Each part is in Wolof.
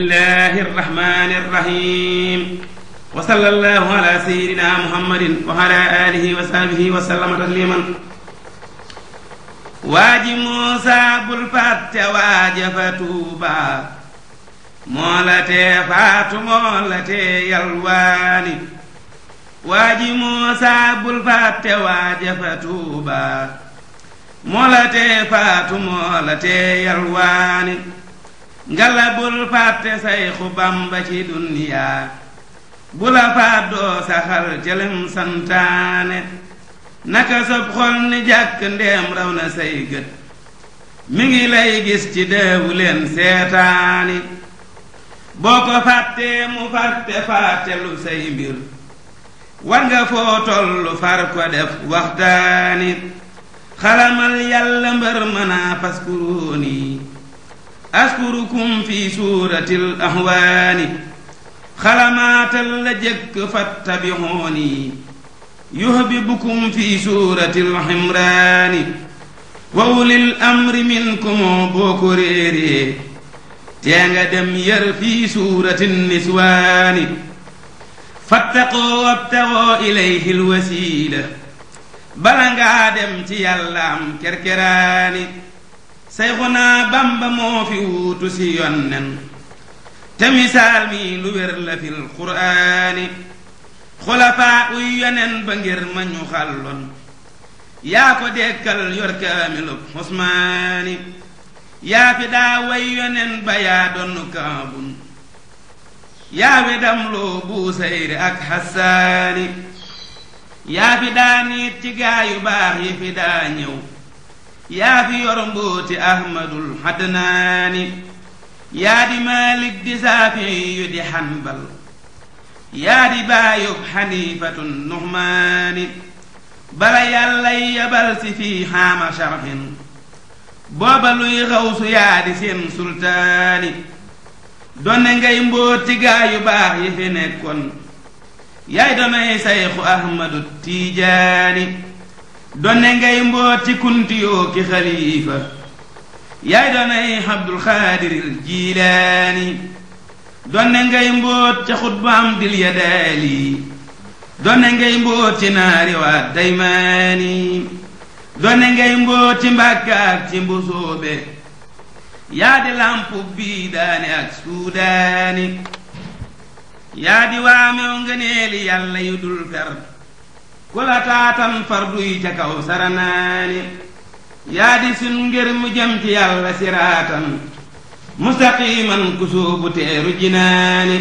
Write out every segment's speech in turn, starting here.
bismillahi irrahmani irrahim wa sallallahu ala sayidina muhammadin wa ala alihi wa sahbihi wa sallama tasliman waaji muusa bul fàtte waaja fa tuuba moo la tee faatu moo la tee yalwaani waaji muusa bul fàtte waaja fa tuuba moo la tee faatu moo la tee yalwaani ngala bul fàtte sayxu ci duniyaa bu la fàddoo saxal cëlem santaane naka sob xol ni jàkk ndeem raw na say gët mi ngi lay gis ci deewu leen seetaani boo ko fàttee mu fàtte fàtte lu say mbir war nga foo tollu far ko def waxtaani xalamal yàlla mbër mënaa fas askurukum fi suurati l ahwaani xalamaatal la jëkk fattabixooni yuhbibukum fi suurati l ximraani wa ulil amri minkum boo ko réeree tee nga dem yar fi suurati niswaani fattaqoo wabtagoo ilayhi l wasiila bala dem ci yàlla am kerkeraani Seyxuna Bamba moo fi wuutu yonnen te misaal mi lu wér la fil quraani xulafaa uy yonen ba ngir ma ñu xàlloon yaa ko dekkal yor kaamilub Usmaani yaa fi daa way yonen ba yaa donn kaabun yaa fi loo buusayri ak Hassaani yaa fi daa niit ci gaa yu baax yi fi daa ñëw yaa fi yor mbooti ahmadul xadnaani yaa di malik di saafi yu di xanbal yaa di baayub xanifatun nuxmaani bala yàllay yabal si fii xaama sharxin booba luy yaa di seen sultaani donne ngay mbooti gaa yu baax yi fi nekkoon yaay donay sayxu tiijaani donne ngay mbooti kunti yoo ki xalifa yaay doonay Abdul Xaadiril Jiilaani donne ngay mboot ca xutbaam dil ya daali donne ngay mboot ci naari waa daymaani donne ngay mboot ci mbàkk ak yaa di lampu bii ak suudaani yaa di waamew ngëneeli yàlla yu dul kula taatan fardu yi ca kaw saranaani yaa di sun mu jëm ci yàlla siraatan mustaqiman ku soobu teeru jinaani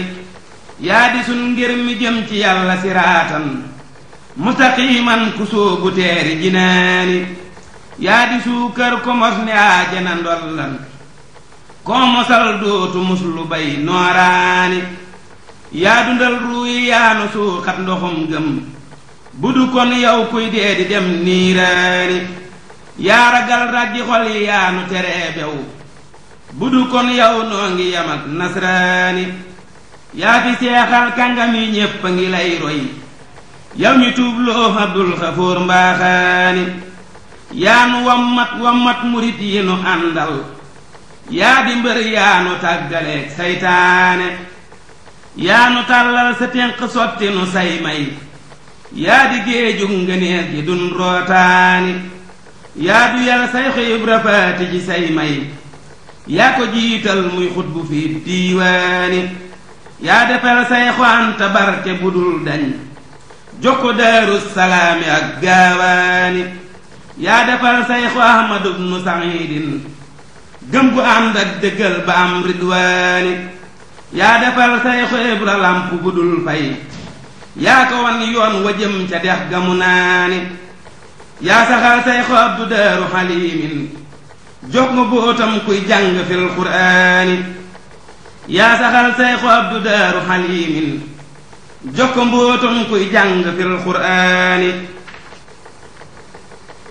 yaa di sun suukar ko mos ni aajana ndollan koo mosal dootu muslu nooraani yaa dundal ruuyi yaanu suuxat ndoxum gëm bu du kon yow kuy dee di dem niiraani yaa ragal ràjji xol yi yaa nu teree bew bu du kon yow noo ngi yam nasraani yaa fi seexal kàngam yi ñépp a ngi lay roy yow ñu tuubloo abdul xafoor mbaaxaani yaa nu wammat wammat murit yi nu àndal yaa di mbër yaa nu tàggaleeg saytaane yaa nu tàllal sa ténq sotti nu say may yaa di géejug ngëneel gi dun rootaani yaa du yal sayxu ibra faati say may yaa ko jiital muy xutbu fi diiwaani yaa defal sayxu anta barke budul dañ jox ko daaru ak gaawaani yaa defal sayxu ahmadu bnu saxiidin gëm gu ànd ak dëggal ba am ridwaani yaa defal sayxu ibra lamp budul fay yaa ko wan yoon wa jëm ca dex ga mu naani yaa saxal say xob du daaru xalimin jox ma bootam kuy jàng fil quraani yaa saxal say xob du daaru xalimin jox ko mbootam kuy jàng fil quraani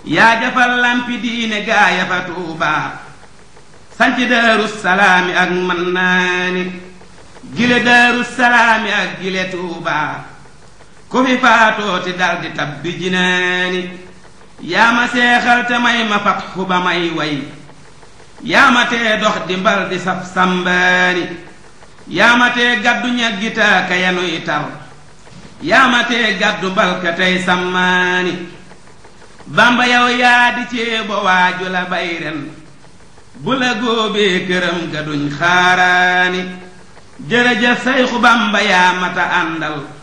yaa jafal lampi diine gaa fa tuubaa sanc daaru salaami ak man gile daaru salaami ak gile tuubaa ku fi faatooti dal di tab jinaani yaa seexal te may ma fat ba may way yaa ma dox di mbal di saf sambaani yaa ma gàddu ñaggitaa ka yanuy tar yaa gàddu mbal ka tey sammaani bamba yow yaa di ceebo waaju la bay bu la góobee këram ga duñ xaaraani jërëjëf sayxu bamba yaa mata àndal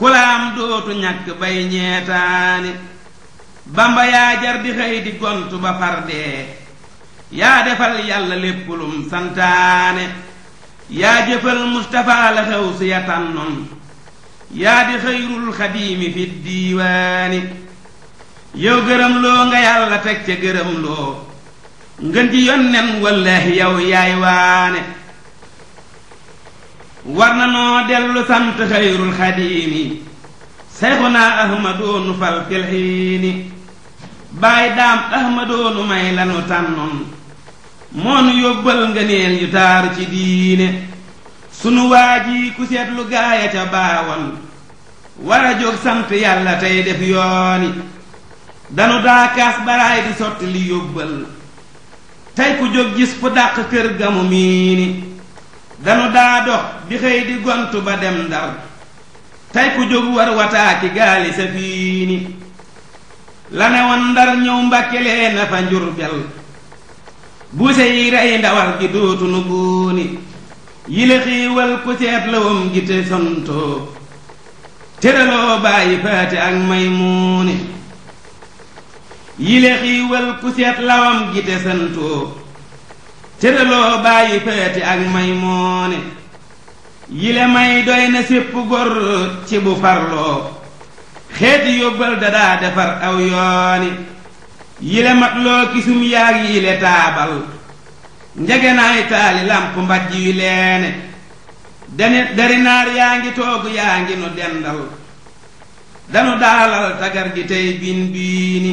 kulaam dootu ñàkk bay ñeetaani bamba yaa jar di xëy di gontu ba far dee yaa defal yàlla lépp lum santaane yaa jëfal mustapha la xew si ya tànnoon yaa di xëyrul xadiimi fi diiwaani yow gërëm loo nga yàlla teg ca gërëm loo ngën ji yonnen wallaahi yow yaay war na noo dellu sant xayrul xadiimi sayxunaa ahmadoonu fal filxiini baay daam ahmadoonu may lanu tànnoon moonu yóbbal nga yu taaru ci diine sunu waa ji ku seetlu gaaya ca baawoon war a jóg sant yàlla tey def yooni danu daakaas baraay di sotti yóbbal tey ku jóg gis fu dàq kër gamu miini danu daa dox di xëy di gontu ba dem ndar tey ku jóg war wataaki gaali fiini la ne woon ndar ñëw mbàkkelee na fa njur bel buuse yi rey ndawal gi dootu nu buuni yile xiiwal ku seet lawam gi te sontoo tëraloo bàyyi faati ak may muuni yile xiiwal ku seet lawam gi te sontoo cëraloo bàyyi peeti ak may moone yile may doy na sépp góor ci bu farloo xeeti yóbbal dadaa defar aw yooni yile matloo kisum yaag yile taabal njegenaay taali làmp mbaj yu leene yaa ngi toog yaa ngi nu dendal danu daalal tagar gi tey bin biini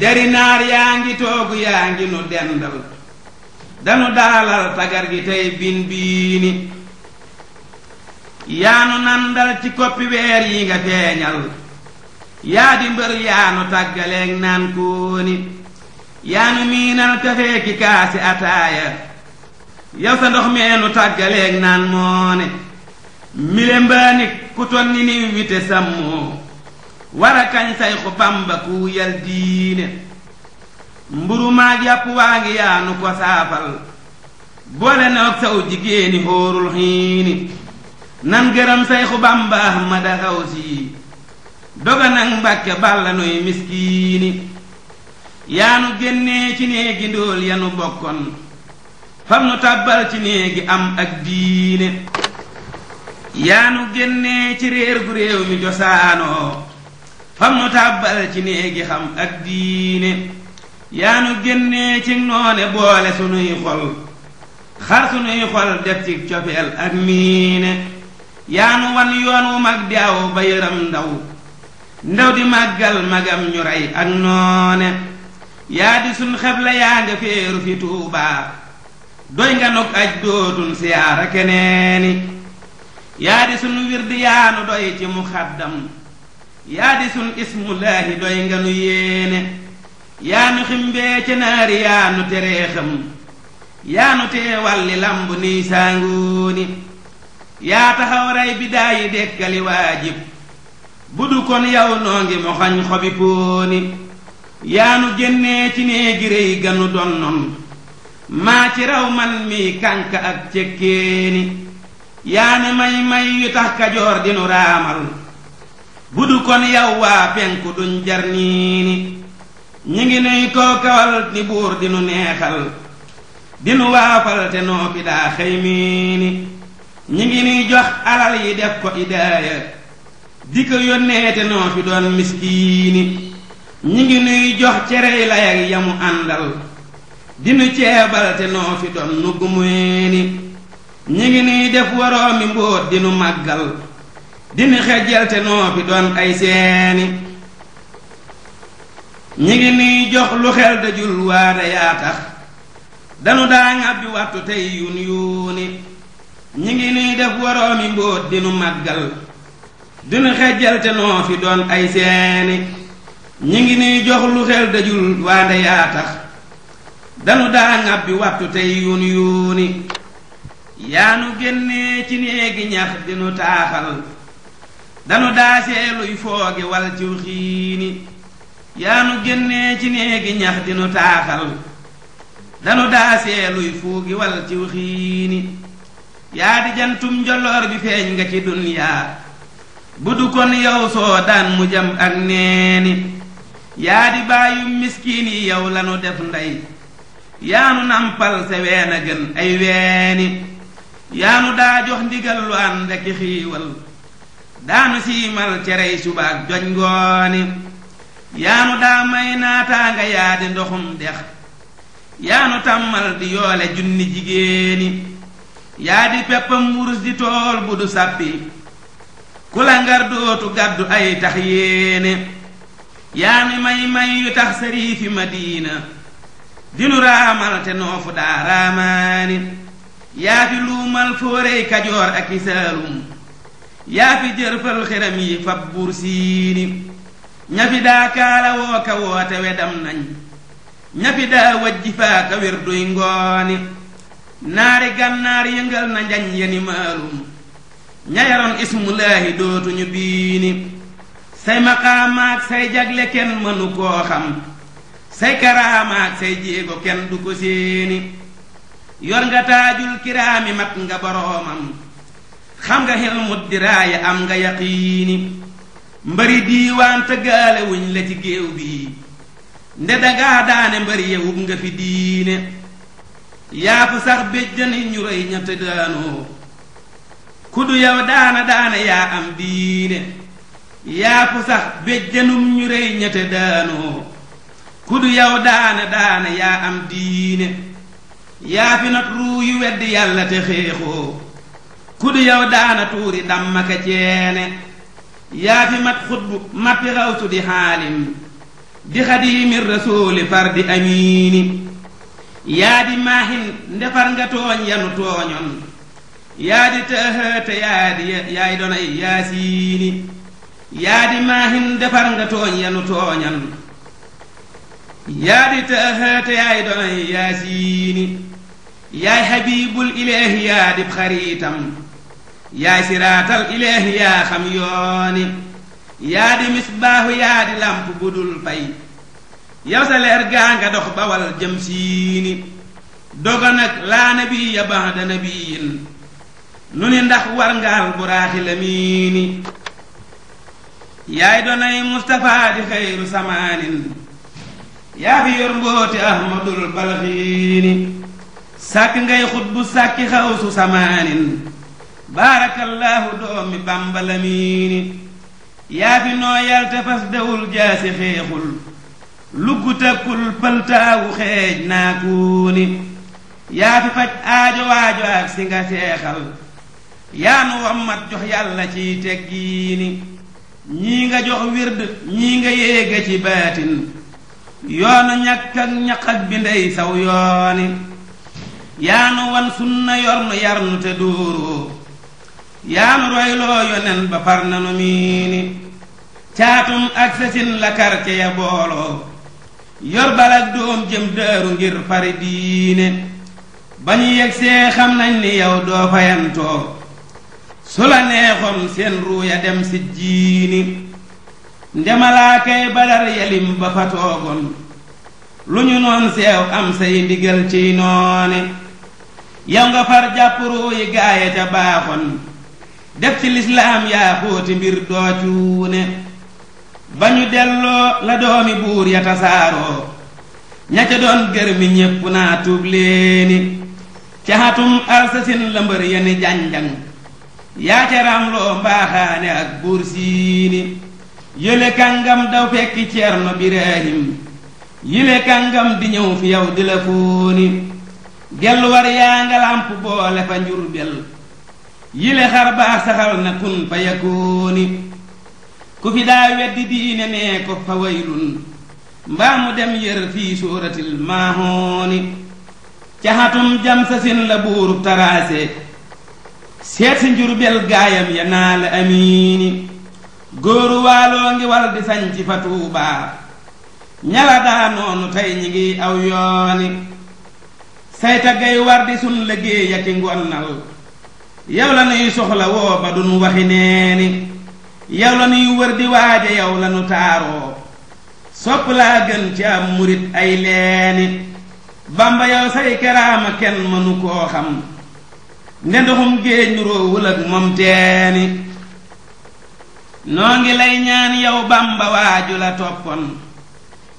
darinaar yaa ngi toog yaa ngi nu dendal danu dalal tagar gi tey bin biini yaanu nandal ci koppi weer yi nga feeñal yaa di mbër yaanu tàggaleeg naan kooni yaanu miinal kafee ki kaasi ataaya yow sa ndox meenu tàggaleeg naan moone mile mbaani ku tonni ni wite sammoo war a kañ xu Bamba ku diine mburu maa jàpp waa ngi yaanu ko saafal boole na ak saw jigéeni xóorul xiini nan gërëm sayxu bàmba ahmada xawsi doga nag mbàkke bàlla nuy miskiini yaanu génnee ci néegi ndóol yanu bokkoon fam nu tàbbal ci néegi am ak diine yaanu génnee ci réer gu réew mi josaanoo fam nu tàbbal ci néegi xam ak diine yaanu génnee ci noone boole sunuy xol xar sunuy xol def ci cofeel ak miine yaanu wan yoon wu mag di aw ba yëram ndaw ndaw di màggal magam ñu rey ak noone yaa di sun xebla yaa nga féeru fi tuubaa doy nga nog aj dootun siyaara keneeni yaa di sun wirdi yaanu doy ci muxaddam yaa di sun ismulaahi doy nga nu yéene yaanu ximbee ca naari yaanu teree xam yaanu tee wàlli lamb niy yaa taxaw rey bi waajib bu du kon yow xobi póoni yaanu génnee ci néegi ganu donnoon maa ci raw man mi kànk ak cekkeeni yaane may may yu tax kajoor dinu raamal bu du waa penku duñ jar ñi ngi nuy kookal ni buur dinu neexal dinu waafal te noppi daa xëy miini ñi ngi nuy jox alal yi def ko idaaya di ko yónnee te noo fi doon miskiini ñi ngi nuy jox cerey layak yamu àndal dinu ceebal te noo fi doon nu gumueni ñi ngi nuy def waroomi mbóot dinu màggal dinu xejjal te noo fi doon ay seeni ñi ngi nuy jox lu xel dajul waane yaa tax danu daa ŋàbbi wattu tey yun yuuni ñi ngi nuy def waroomi mbóot dinu màggal dinu xejjal te noo fi doon ay seeni ñi ngi nuy jox lu xel dajul waande yaa tax danu daa ŋàbbi wattu tey yun yuuni yaanu génnee ci néegi ñax dinu taaxal danu daa seeluy foogi wal xiini yaanu génnee ci néegi ñax dinu taaxal danu daasee luy fuugi wal ciw yaa di jantum njolloor bi feeñ nga ci dunyaa bu du kon yow soo daan mu jam ak neeni yaa di bàyyu miskiin yi yow lanu def ndey yaanu nampal se ween a gën ay weeni yaanu daa jox ndigal lu ànd ak xiiwal daanu siimal cerey subaak joñ ngooni yaanu daa may naataanga yaa di ndoxum dex yaanu tàmmal di yoole junni jigéeni yaa di peppam wurus tool bu du sàppi ku la ngar dootu gàddu ay tax yéene yaa mi may may yu tax sariifi madiina dinu raamal te noofu daa raamaani yaa fi luumal fóorey kajoor ak i yaa fi jërfal xeram yi fab buur siini ña daa kaala ka woote wedam nañ ña daa wajji faa ka wér ngooni naari gànnaar yëngal na njañ yeni maalum ña yaroon ismulaahi dootuñu biini say maqaamaak say jagle kenn mënu koo xam say karaamaak say jéego kenn du ko séeni yor nga taajul kiraami mat nga boroomam xam nga xel mut diraaya am nga yaqiini mbari diiwaan tëggaale wuñ la ci géew bi nde dangaa daane mbari yewub nga fi diine yaa fa sax béjjani ñu rey ña te daanoo ku du yow daana daana yaa am diine yaa fi not ruu yu yàlla te xeexoo ku du yow daana tuuri dammaka ceene yaa fi mat xutbu mappi xawsu di xaalim di xadiimi rasuuli far di amiini yaa di maahin ndefar nga tooñ yanu tooñoon yaa di tëhëte yaa di yaay donay yaasiini yaa di maahin ndefar nga tooñ yanu tooñoon yaa di tëhëte yaay donay yaasiini yaay xabiibul ilaahi yaa di xariitam yaay siraatal ilaahi xam yooni yaa di misbaahu yaa di làmp bu dul fay yow sa leer gaa nga dox bawal jëm siini doga laa nabiya ba'da nabiyin nu ni ndax war ngaal buraaxi lamiini yaay donay Mustapha xayru samaanin yaa fi yor mbooti ahmadul balxiini sàkk ngay xut bu sàkki xawsu samaanin baarakallaahu doomi bàmba lamiini yaa fi nooyal te fas dewul jaasi xeexul lugg pëltaawu xeej naakuuni yaa fi faj aajo waajo ak si nga seexal yaa nu wammat jox yàlla ciy teggiini ñii nga jox wird ñii nga yéega ci baatin yoonu ñàkk ak ñaq ak bi saw yooni yaa nu wan sunna yornu yarnu te dóoroo yaanu royloo yonen ba far nanu caatum ak sasin la quartier ya booloo yor balak doom jëm dëru ngir fari diine ba ñu yegsee xam nañ ni yow doo fayantoo su la neexoon seen ruuya dem si jiini ndemalaakay badar yelim ba fa toogoon lu ñu noon seew am say ndigal ciy noone yow nga far jàpp yi gaaya ca baaxoon def ci lislaam yaa xóoti mbir doo cuune ba ñu delloo la doomi buur ya tasaaroo ña ca doon gërmi ñépp naa tuub leeni ca xatum alsasin la mbër ya ni janjang yaa ca ramloo mbaaxaane ak buur siini yële kàngam daw fekki ceerno biraahim yële kàngam di ñëw fi yow di la fóoni gelluwar yaa nga làmp boole fa njurbel yile xar baax na kun fa yakooni ku fi daa weddi diine nee ko fa waylun mbaa mu dem yër fii suuratil maahooni caxatum jam sa sin la buurub taraase seet si njurbel gaayam ya naa la amiini góoru waaloo ngi wal di sañ fa tuubaa ñala daa noonu tey ñi ngi aw yooni sayta gay war di sun liggéey ya ki ngonnal yow la nuy soxla woo ba duñu waxi neeni yow la nuy wër di waaja yow la nu taaroo sopp laa gën ci am murit ay leeni bamba yow say keraama kenn mënu koo xam nde ndoxum géej nuroowul ak moom teeni noo ngi lay ñaan yow bamba waaju la toppoon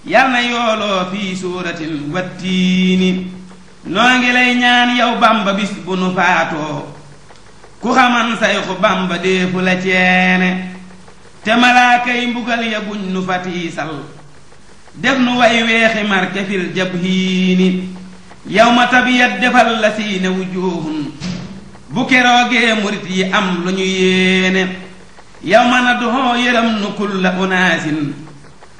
yal na yooloo fii suuratin wattiini noo ngi lay ñaan yow bamba bis bu nu faatoo ku xaman sayxu bamba déefu la ceene te malaaka mbugal ya buñ nu fatiisal def nu way weexi marke jabhiini yow ma tabiyat defal la siine wujuhun bu keroogee murit yi am lu ñu yéene yow ma na doxoo yëram nu kulla unaasin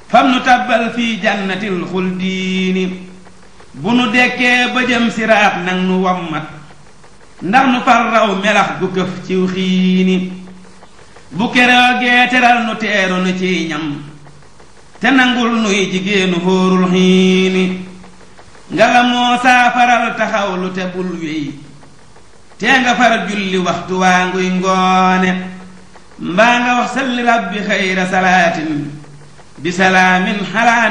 fam nu tabbal fii jannatil xuldiini bu nu dekkee ba jëm siraat nag nu wammat ndax nu far melax gu ciw xiini bu keroogee teral nu teeru nu ciy te nangul nuy jigéenu hóorul xiini nga la moo saafaral taxaw te bul wéy tee far julli waxtu waa nguy ngoone mbaa nga wax salli rabbi xayra salaatin bi salaamin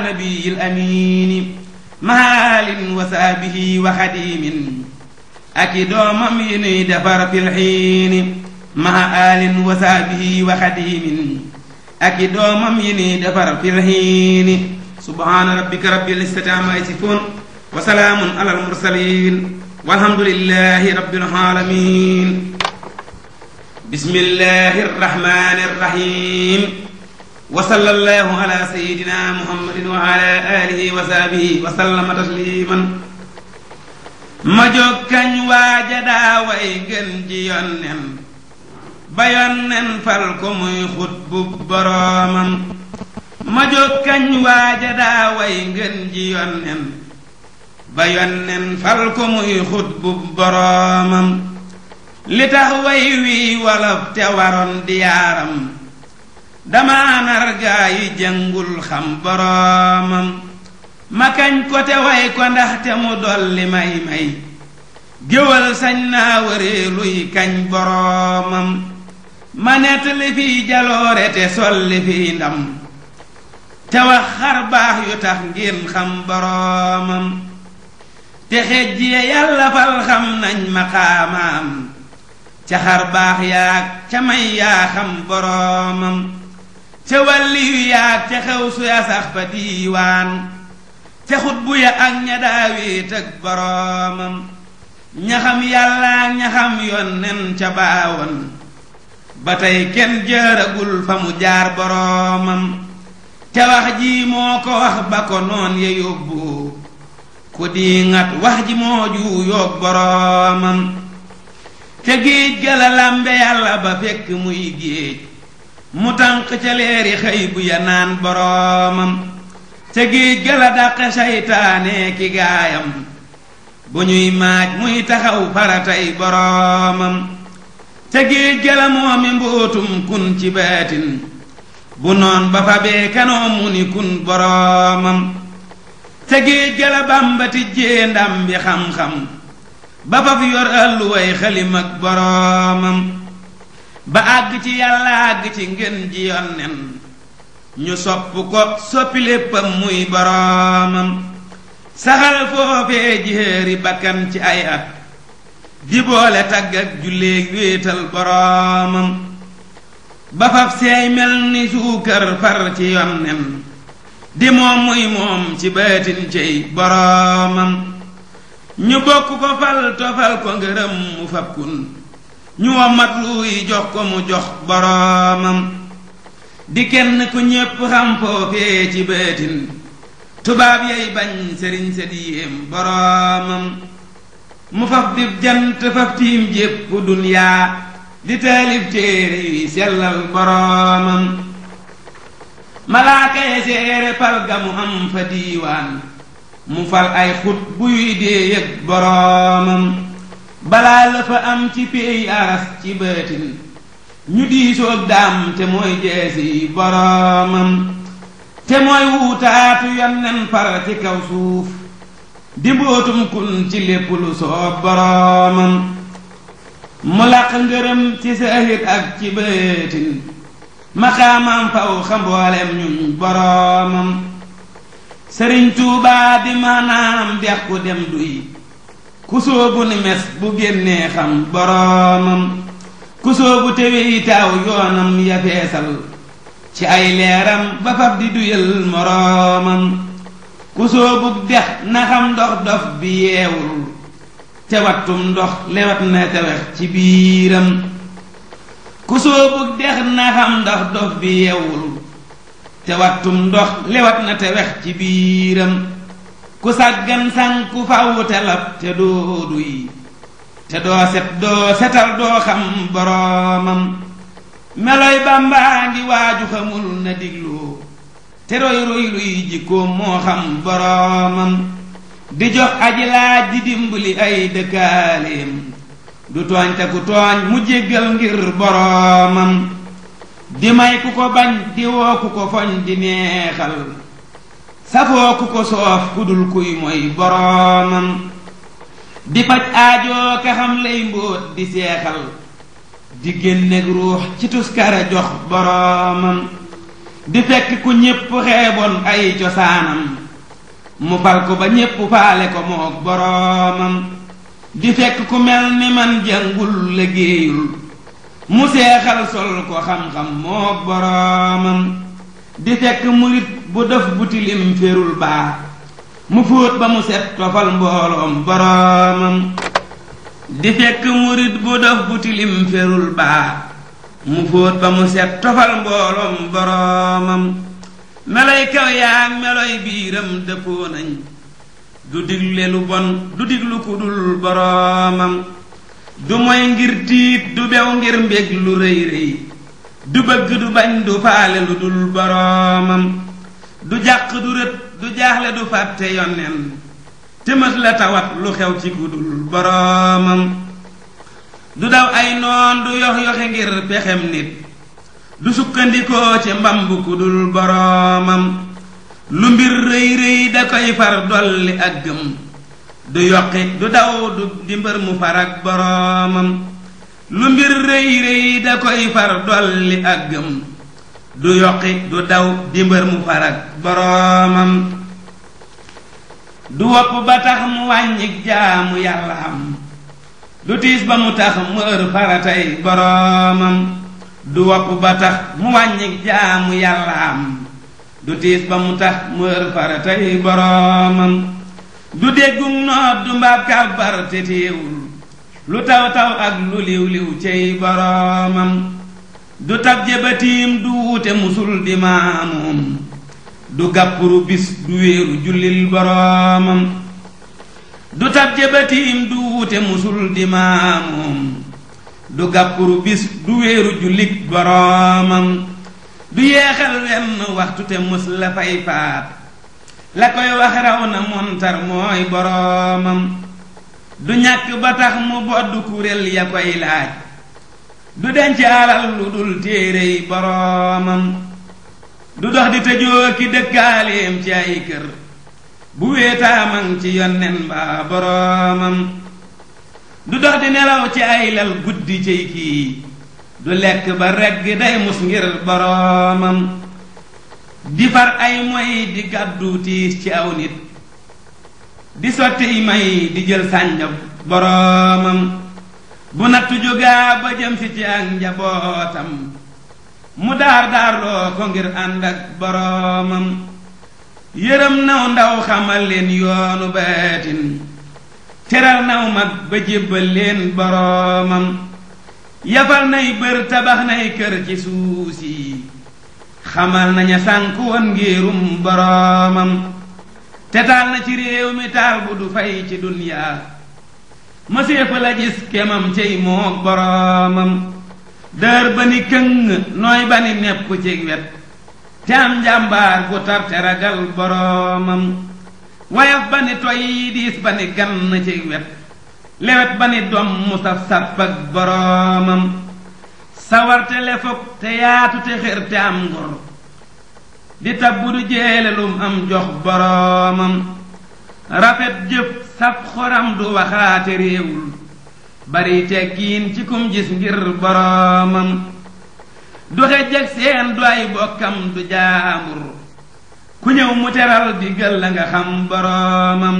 nabiyil amiini mahaalin wa saabihi wa ak i doomam yi nuy defar fil xiini maha aalin wa saabihi wa xadiimin ak i doomam yi nuy defar fil xiini subhaana rabbika rabbil izzati ammaa yasifuun wa salaamun alal mursaliin walhamdulillaahi rabbil aalamiin bismillaahi rrahmaani rrahiim wa sallallaahu alaa sayyidinaa muhammadin wa alaa aalihi wa sahbihi wa sallama tasliiman ma jóg kañ waaja daa way gën ji yonnen ba yonnen fal ko muy xut bu boroomam li tax way wii wolof te waroon di yaaram dama nar jëngul xam boroomam ma kañ ko te way ko ndaxte mu dolli may may géwal sañ naa wëree luy kañ boroomam ma nettali fiy jaloore te solli fiy ndam te wax xar baax yu tax ngeen xam boroomam te xej ye yàlla fal xam nañ maqaamaam ca xar baax yaag ca may yaa xam boroomam ca wàlli yu yaag ca xew suya sax fa diiwaan ca xutbu ya ak ña daawiit ak boroomam ña yàlla ña xam ca baawoon ba tey kenn jëragul fa mu jaar boroomam te wax ji moo ko wax ba ko noon ya yóbbu ku diiŋat wax ji moo juuyoog boroomam te géej ga la làmbe yàlla ba fekk muy géej mu tànq ca leeri xëy bu ya naan boroomam ca géej ga la dàqe saytaane ki gaayam bu ñuy maaj muy taxaw faratay boroomam ca géej ga la moomi mbóotum kun ci baatin bu noon ba fa bee kanoo ni kun boroomam ca géej ga la bi xam-xam ba fa fi yor àlluway xalim boroomam ba àgg ci yàlla àgg ci ngën ji yonnen ñu sopp ko soppi léppam muy boroomam saxal foofee jihéeri bakkan ci ay at di boole tagg ak julleeg wéetal boroomam ba faf seey mel ni suukar far ci yoon di moom muy moom ci baatin cey boroomam ñu bokk ko fal ko ngërëm mu fab ñu womat luy jox ko mu jox boroomam di kenn ku ñépp xam foofee ci bëtin tubaab yay bañ sëriñ sa boroomam mu faf dib jant faf tiim jépp dunyaa di taalif téere yuy sellal boroomam malaaka seere pal ga mu am fa diiwaan mu fal ay xut buy dee yëg boroomam balaa la fa am ci peey aras ci bëtin ñu diisoo ak daam te mooy jeesi boroomam te mooy wuutaatu yonnen par ci kaw suuf di mbootum kun ci lépp lu soob boroomam mu laq ngërëm ci sëriñ tuubaa di maanaam dex ku dem duy ku soobu ni mes bu génnee xam boroomam ku soobu tewey taaw yoonam ya feesal ci ay leeram ba fab di duyal moroomam ku soobug dex na ndox dof bi yeewul te ndox lewat na tewex ci biiram ku soobug dex na ndox dof bi yeewul te ndox lewat na tewex ci biiram ku sàggan sànku fawu telab te doodu yi te doo set doo setal doo xam boroomam meloy bàmbaa waaju xamul na diglu te roy roy jikkoom moo xam boroomam di jox aji laaj di dimbali ay dëkkaaleem du tooñ te ku tooñ mu jéggal ngir boroomam di may ku ko bañ di woo ku ko foñ di neexal safoo ku ko soof ku dul kuy mooy boroomam di faj aajoo ka xam lay mbóot di seexal di génneeg ruux ci tuskara jox boroomam di fekk ku ñépp xeeboon ay cosaanam mu fal ko ba ñépp faale ko moog boroomam di fekk ku mel ni man jàngul liggéeyul mu seexal sol ko xam-xam moog boroomam di fekk murit bu def bu tilim ferul mu fóot ba mu set tofal mbooloom boroomam di fekk murit bu dof bu tilim ferul baa mu fóot ba mu set tofal mbooloom boroomam meloy kaw yaa meloy biiram dëppoo nañ du diglu ku dul boroomam du moy ngir tiit du bew ngir mbég rëy rëy du bëgg du bañ du faale lu dul boroomam du jàq du rët du jaaxle du fàtte yonneen tëmët la tawat lu xew ci kudul boroomam du daw ay noon du yox-yoxe ngir pexem nit du sukkandikoo ci mbamb kudul boroomam lu mbir rëy rëy da koy far dolli ak gëm du yoqi du daw di mbër mu far ak lu mbir rëy rëy da koy far dolli ak gëm du yoqi du daw di mbër mu far boroomam du wopp ba tax mu wàññi jaamu yàlla am du tiis ba mu tax mu ër faratay boroomam du wopp ba tax mu wàññi jaamu yàlla am du tiis ba mu tax mu ër faratay boroomam du déggum noot du mbaab téewul lu taw taw ak lu liw liw cey boroomam du tab jëbatiim du wuute musul di du gàppuru bis du wéeru jullil boroomam du tab jëbatiim du wuute musul di maamoom du gàppuru bis du wéeru jullik boroomam du yeexal wenn waxtu te mus la fay paat la koy wax raw na montar mooy boroomam du ñàkk ba tax mu bodd kuréel ya koy laaj du denc alal lu dul téerey boroomam du dox di tëjoo ki dëkkaaleem ci ay kër bu wéetaamam ci yonnen ba boroomam du dox di nelaw ci ay lal guddi cay kii du lekk ba regg day mus ngir boroomam di far ay moy di gàddu tiis ci aw nit di sotti may di jël sànja boroomam bu nattu jógaa ba jëm ci ak njabootam mu daar daarloo ko ngir ànd ak boroomam yërëm naw ndaw xamal leen yoonu baatin teral naw mag ba jébbal leen boroomam yafal nay bër tabax nay kër ci suus yi xamal naña sànk woon ngirum boroomam te taal na ci réew mi taal bu du fay ci dunyaa mëseefa la gis kemam cey moog boroomam dër ba ni këng nooy ba ni nepp ci wet te am njàmbaar gu tar te ragal boroomam wayaf ba ni toy diis ba ni gann ci wet lewet ba ni doom saf saf ak boroomam sawarte le fop te yaatu te xér te am ngor di tabbu du jeele am jox boroomam rafet jëf saf xoram du waxaate réewul bari teggiin ci kum gis ngir boroomam du xejjak seen du ay bokkam du jaamur ku ñëw mu teral di la nga xam boroomam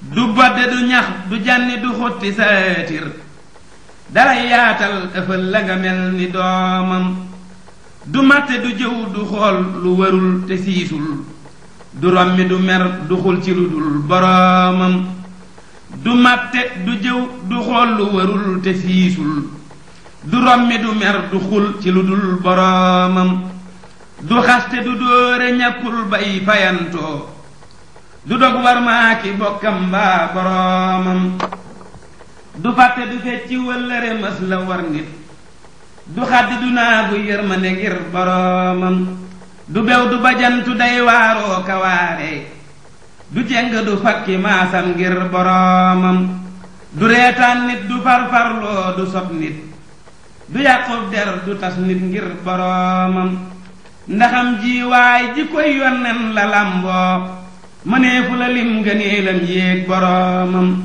du bodde du ñax du janni du xutti saatir dalay yaatal ëfal la nga mel ni doomam du màtte du jëw du xool lu warul te siisul du rommi du mer du xul ci lu dul boroomam du màtte du jëw du xool warul te fiisul du rommi du mer du xul ci lu dul boroomam du xaste du dóore ñàkkul bay fayantoo du dog war maaki bokkam baa boroomam du fàtte du fecci wëllëre mas la war nit du xàddi du naagu yërmande ngir boroomam du bew du bajantu day waaroo kawaare du jeng du fakki maasam ngir boroomam du reetaan nit du farfarloo du sob nit du yàqub der du tas nit ngir boroomam ndaxam ji waay ji koy yonnen la lamboo mëneefu la lim ngëneelam yéeg boroomam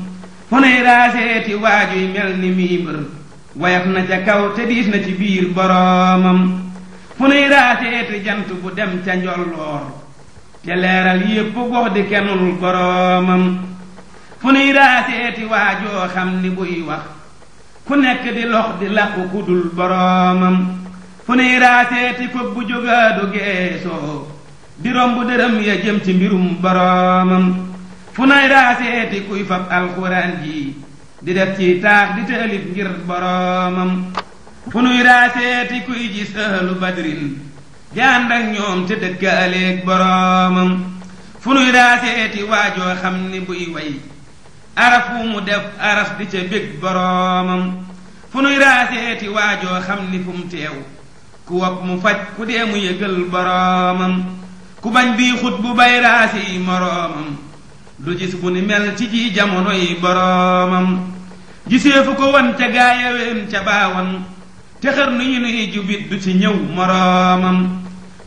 fu nuy raaseeti waajuy mel ni miibër wayaf na ca kaw te diis na ci biir boroomam fu nuy raaseeti jant bu dem ca njolloor te leeral yépp gox di kennul boroomam fu nuy raaseeti waajoo xam ni buy wax ku nekk di lox di làqu ku dul fu nuy raaseeti fëb bu jógaadu geesoo di romb dërëm ya jëm ci mbirum boroomam fu nuy raaseeti kuy fab alxuraan ji di def ci taax di taalif ngir boroomam fu nuy raaseeti kuy gis ahlu badrin di ànd ak ñoom te dëkkaaleeg boroomam fu nuy raaseeti waajoo xam ni buy way arafu mu def araf di ca bég boroomam fu nuy raaseeti waajoo xam ni fu teew ku wopp mu faj ku dee mu yëgal boroomam ku bañ bii xut bu bay raasi yi moroomam du gis bu ni mel ci jamono yi boroomam gisee fu ko wan ca gaayaween ca baawan te xër nuy jubit du ci ñëw moroomam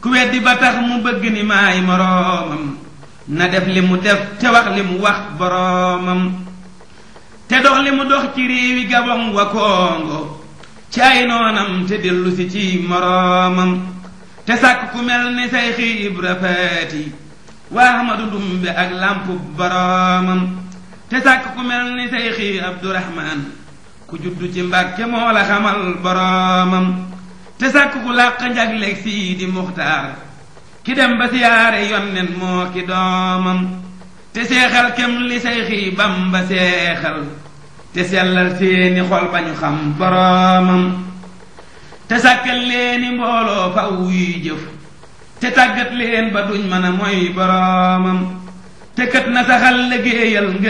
ku weddi ba tax mu bëgg ni maay moroomam na def li mu def te wax li mu wax boroomam te dox li mu dox ci réewi Gabon wa Kongo ci ay noonam te dellu ci moroomam te sàkk ku mel ni Seyxi Ibra Faati waa Ahmadu Ndumbe ak làmpu boroomam te sàkk ku mel ni Seyxi Abdurahmaan ku juddu ci Mbàkke moo la xamal boroomam te sàkk ku làq njagleeg Siidi Muxtaar ki dem ba siyaare yonnen moo ki doomam te seexal kem li sayxi Bamba seexal te sellal seeni xol ba xam boroomam te sàkkal leeni mbooloo fa wuy jëf te tàggat leen ba duñ mën a mooy boroomam te kët na saxal liggéeyal ngir